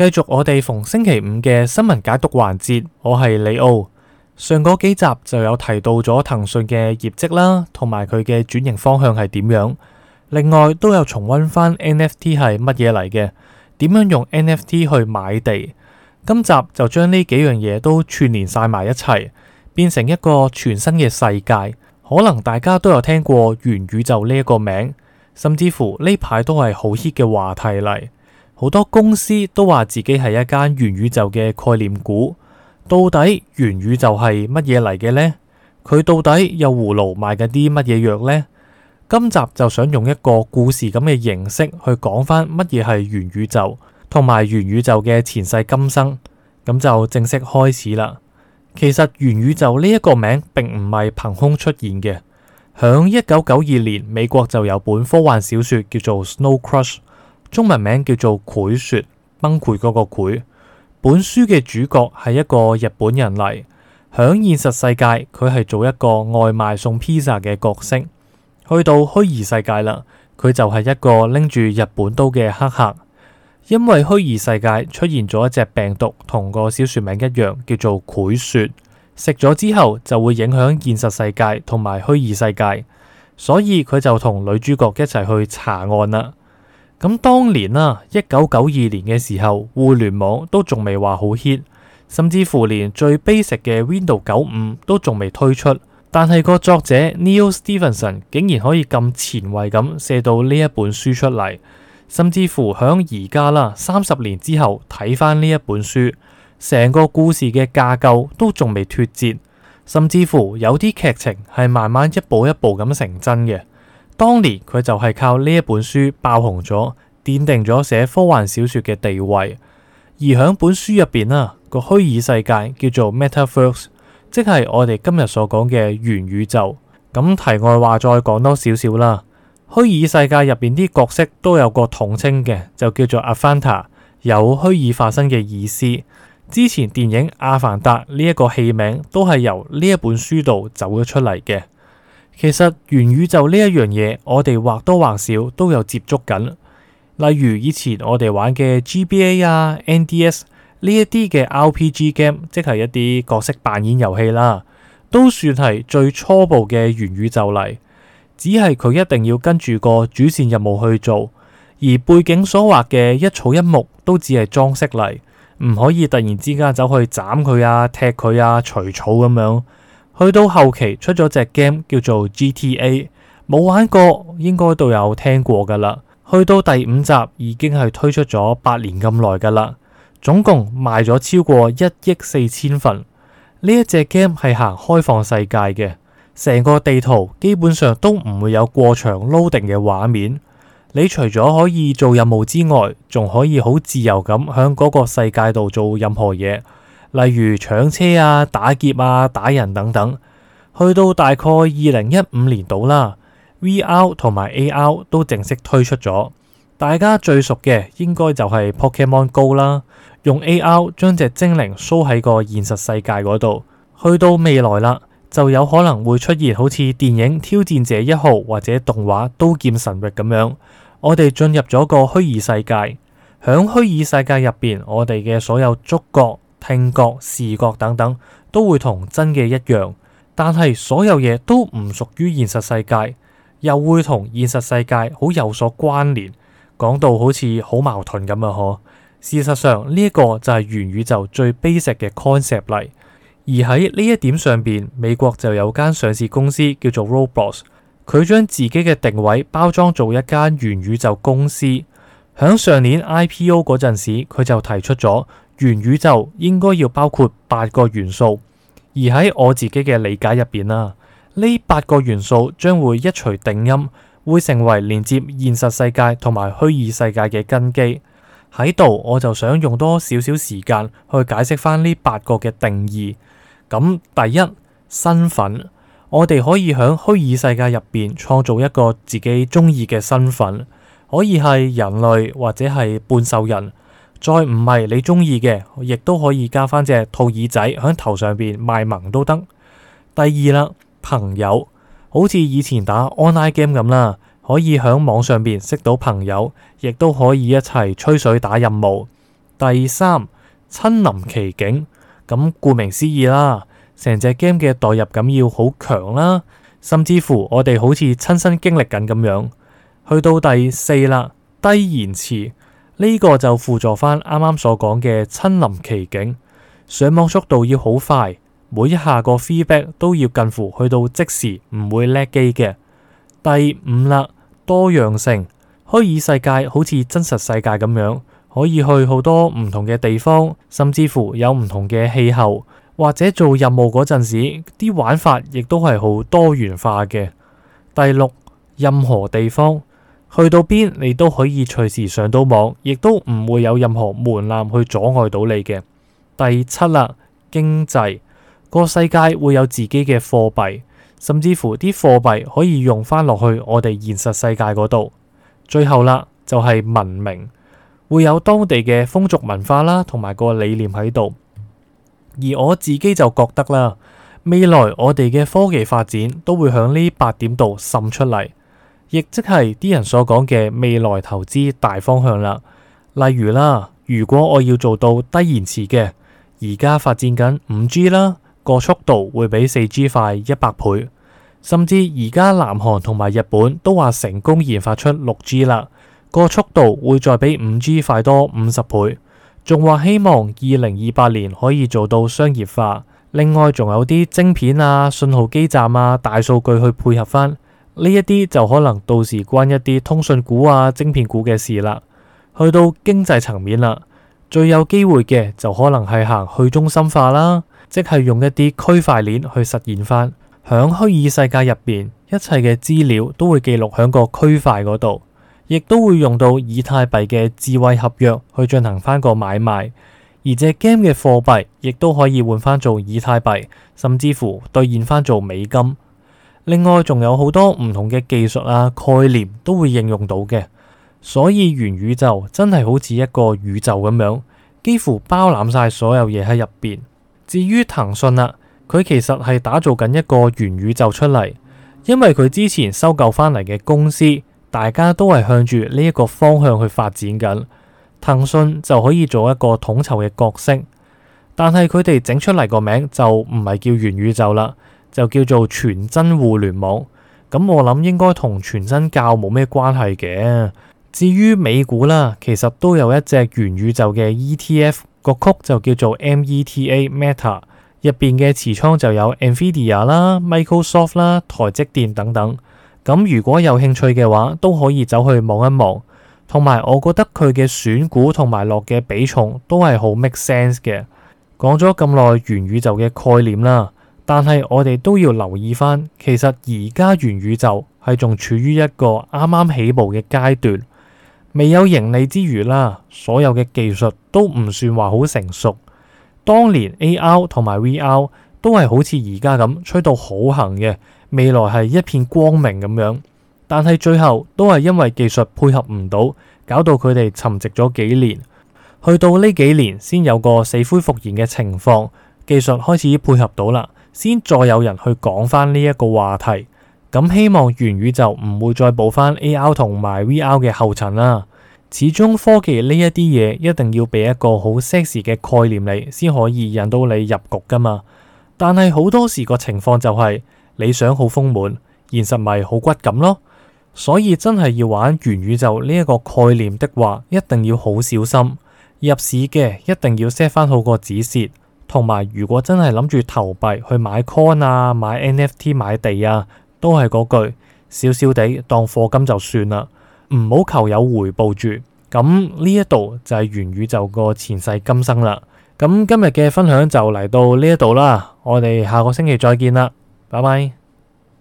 繼續我哋逢星期五嘅新聞解讀環節，我係李奧。上個幾集就有提到咗騰訊嘅業績啦，同埋佢嘅轉型方向係點樣。另外都有重温翻 NFT 係乜嘢嚟嘅，點樣用 NFT 去買地。今集就將呢幾樣嘢都串連晒埋一齊，變成一個全新嘅世界。可能大家都有聽過元宇宙呢一個名，甚至乎呢排都係好 hit 嘅話題嚟。好多公司都話自己係一間元宇宙嘅概念股，到底元宇宙係乜嘢嚟嘅呢？佢到底有葫蘆賣緊啲乜嘢藥呢？今集就想用一個故事咁嘅形式去講翻乜嘢係元宇宙，同埋元宇宙嘅前世今生，咁就正式開始啦。其實元宇宙呢一個名並唔係憑空出現嘅，響一九九二年美國就有本科幻小說叫做《Snow Crash》中文名叫做《潰雪》，崩潰嗰個潰。本書嘅主角係一個日本人嚟，響現實世界佢係做一個外賣送披薩嘅角色，去到虛擬世界啦，佢就係一個拎住日本刀嘅黑客。因為虛擬世界出現咗一隻病毒，同個小說名一樣，叫做《潰雪》，食咗之後就會影響現實世界同埋虛擬世界，所以佢就同女主角一齊去查案啦。咁當年啦、啊，一九九二年嘅時候，互聯網都仲未話好 hit，甚至乎連最 basic 嘅 Windows 九五都仲未推出。但係個作者 Neil Stephenson 竟然可以咁前衛咁寫到呢一本書出嚟，甚至乎響而家啦，三十年之後睇翻呢一本書，成個故事嘅架構都仲未脫節，甚至乎有啲劇情係慢慢一步一步咁成真嘅。當年佢就係靠呢一本書爆紅咗，奠定咗寫科幻小說嘅地位。而喺本書入邊啦，個虛擬世界叫做 Metaverse，即係我哋今日所講嘅元宇宙。咁題外話，再講多少少啦。虛擬世界入邊啲角色都有個統稱嘅，就叫做阿凡達，有虛擬化身嘅意思。之前電影《阿凡達》呢、這、一個戲名都係由呢一本書度走咗出嚟嘅。其實元宇宙呢一樣嘢，我哋或多或少都有接觸緊。例如以前我哋玩嘅 GBA 啊、NDS 呢一啲嘅 RPG game，即係一啲角色扮演遊戲啦，都算係最初步嘅元宇宙嚟。只係佢一定要跟住個主線任務去做，而背景所畫嘅一草一木都只係裝飾嚟，唔可以突然之間走去斬佢啊、踢佢啊、除草咁樣。去到後期出咗隻 game 叫做 GTA，冇玩過應該都有聽過噶啦。去到第五集已經係推出咗八年咁耐噶啦，總共賣咗超過一億四千份。呢一隻 game 係行開放世界嘅，成個地圖基本上都唔會有過長 loading 嘅畫面。你除咗可以做任務之外，仲可以好自由咁響嗰個世界度做任何嘢。例如搶車啊、打劫啊、打人等等，去到大概二零一五年度啦，V R 同埋 A R 都正式推出咗。大家最熟嘅應該就係 Pokemon Go 啦，用 A R 將隻精靈 show 喺個現實世界嗰度。去到未來啦，就有可能會出現好似電影《挑戰者一號》或者動畫《刀劍神域》咁樣，我哋進入咗個虛擬世界。響虛擬世界入邊，我哋嘅所有觸覺。聽覺、視覺等等都會同真嘅一樣，但係所有嘢都唔屬於現實世界，又會同現實世界好有所關聯，講到好似好矛盾咁啊！嗬，事實上呢一個就係元宇宙最 basic 嘅 concept 嚟。而喺呢一點上邊，美國就有間上市公司叫做 Roblox，佢將自己嘅定位包裝做一間元宇宙公司。響上年 IPO 嗰陣時，佢就提出咗。元宇宙應該要包括八個元素，而喺我自己嘅理解入邊啦，呢八個元素將會一錘定音，會成為連接現實世界同埋虛擬世界嘅根基。喺度我就想用多少少時間去解釋翻呢八個嘅定義。咁第一，身份，我哋可以喺虛擬世界入邊創造一個自己中意嘅身份，可以係人類或者係半獸人。再唔係你中意嘅，亦都可以加翻隻兔耳仔響頭上邊賣萌都得。第二啦，朋友，好似以前打 online game 咁啦，可以響網上邊識到朋友，亦都可以一齊吹水打任務。第三，親臨其境，咁顧名思義啦，成隻 game 嘅代入感要好強啦，甚至乎我哋好似親身經歷緊咁樣。去到第四啦，低延遲。呢個就輔助翻啱啱所講嘅親臨其境，上網速度要好快，每一下個 feedback 都要近乎去到即時，唔會叻機嘅。第五啦，多樣性，虛擬世界好似真實世界咁樣，可以去好多唔同嘅地方，甚至乎有唔同嘅氣候，或者做任務嗰陣時，啲玩法亦都係好多元化嘅。第六，任何地方。去到邊，你都可以隨時上到網，亦都唔會有任何門檻去阻礙到你嘅。第七啦，經濟，個世界會有自己嘅貨幣，甚至乎啲貨幣可以用翻落去我哋現實世界嗰度。最後啦，就係文明，會有當地嘅風俗文化啦，同埋個理念喺度。而我自己就覺得啦，未來我哋嘅科技發展都會響呢八點度滲出嚟。亦即係啲人所講嘅未來投資大方向啦，例如啦，如果我要做到低延遲嘅，而家發展緊五 G 啦，個速度會比四 G 快一百倍，甚至而家南韓同埋日本都話成功研發出六 G 啦，個速度會再比五 G 快多五十倍，仲話希望二零二八年可以做到商業化。另外，仲有啲晶片啊、信號基站啊、大數據去配合翻。呢一啲就可能到時關一啲通訊股啊、晶片股嘅事啦。去到經濟層面啦，最有機會嘅就可能係行去中心化啦，即係用一啲區塊鏈去實現翻。響虛擬世界入邊，一切嘅資料都會記錄響個區塊嗰度，亦都會用到以太幣嘅智慧合約去進行翻個買賣。而隻 game 嘅貨幣亦都可以換翻做以太幣，甚至乎兌現翻做美金。另外，仲有好多唔同嘅技術啊、概念都會應用到嘅，所以元宇宙真係好似一個宇宙咁樣，幾乎包攬晒所有嘢喺入邊。至於騰訊啦，佢其實係打造緊一個元宇宙出嚟，因為佢之前收購翻嚟嘅公司，大家都係向住呢一個方向去發展緊，騰訊就可以做一個統籌嘅角色。但係佢哋整出嚟個名就唔係叫元宇宙啦。就叫做全真互聯網，咁我諗應該同全真教冇咩關係嘅。至於美股啦，其實都有一隻元宇宙嘅 ETF，個 code 就叫做 META，入邊嘅持倉就有 NVIDIA 啦、Microsoft 啦、台積電等等。咁如果有興趣嘅話，都可以走去望一望。同埋，我覺得佢嘅選股同埋落嘅比重都係好 make sense 嘅。講咗咁耐元宇宙嘅概念啦。但係我哋都要留意翻，其實而家元宇宙係仲處於一個啱啱起步嘅階段，未有盈利之餘啦，所有嘅技術都唔算話好成熟。當年 AR 同埋 VR 都係好似而家咁吹到好行嘅，未來係一片光明咁樣，但係最後都係因為技術配合唔到，搞到佢哋沉寂咗幾年，去到呢幾年先有個死灰復燃嘅情況，技術開始配合到啦。先再有人去講翻呢一個話題，咁希望元宇宙唔會再步翻 A R 同埋 V R 嘅後塵啦。始終科技呢一啲嘢，一定要俾一個好 sexy 嘅概念你，先可以引到你入局噶嘛。但係好多時個情況就係、是、理想好豐滿，現實咪好骨感咯。所以真係要玩元宇宙呢一個概念的話，一定要好小心。入市嘅一定要 set 翻好個止蝕。同埋，如果真係諗住投幣去買 coin 啊、買 NFT、買地啊，都係嗰句，少少地當課金就算啦，唔好求有回報住。咁呢一度就係元宇宙個前世今生啦。咁今日嘅分享就嚟到呢一度啦，我哋下個星期再見啦，拜拜。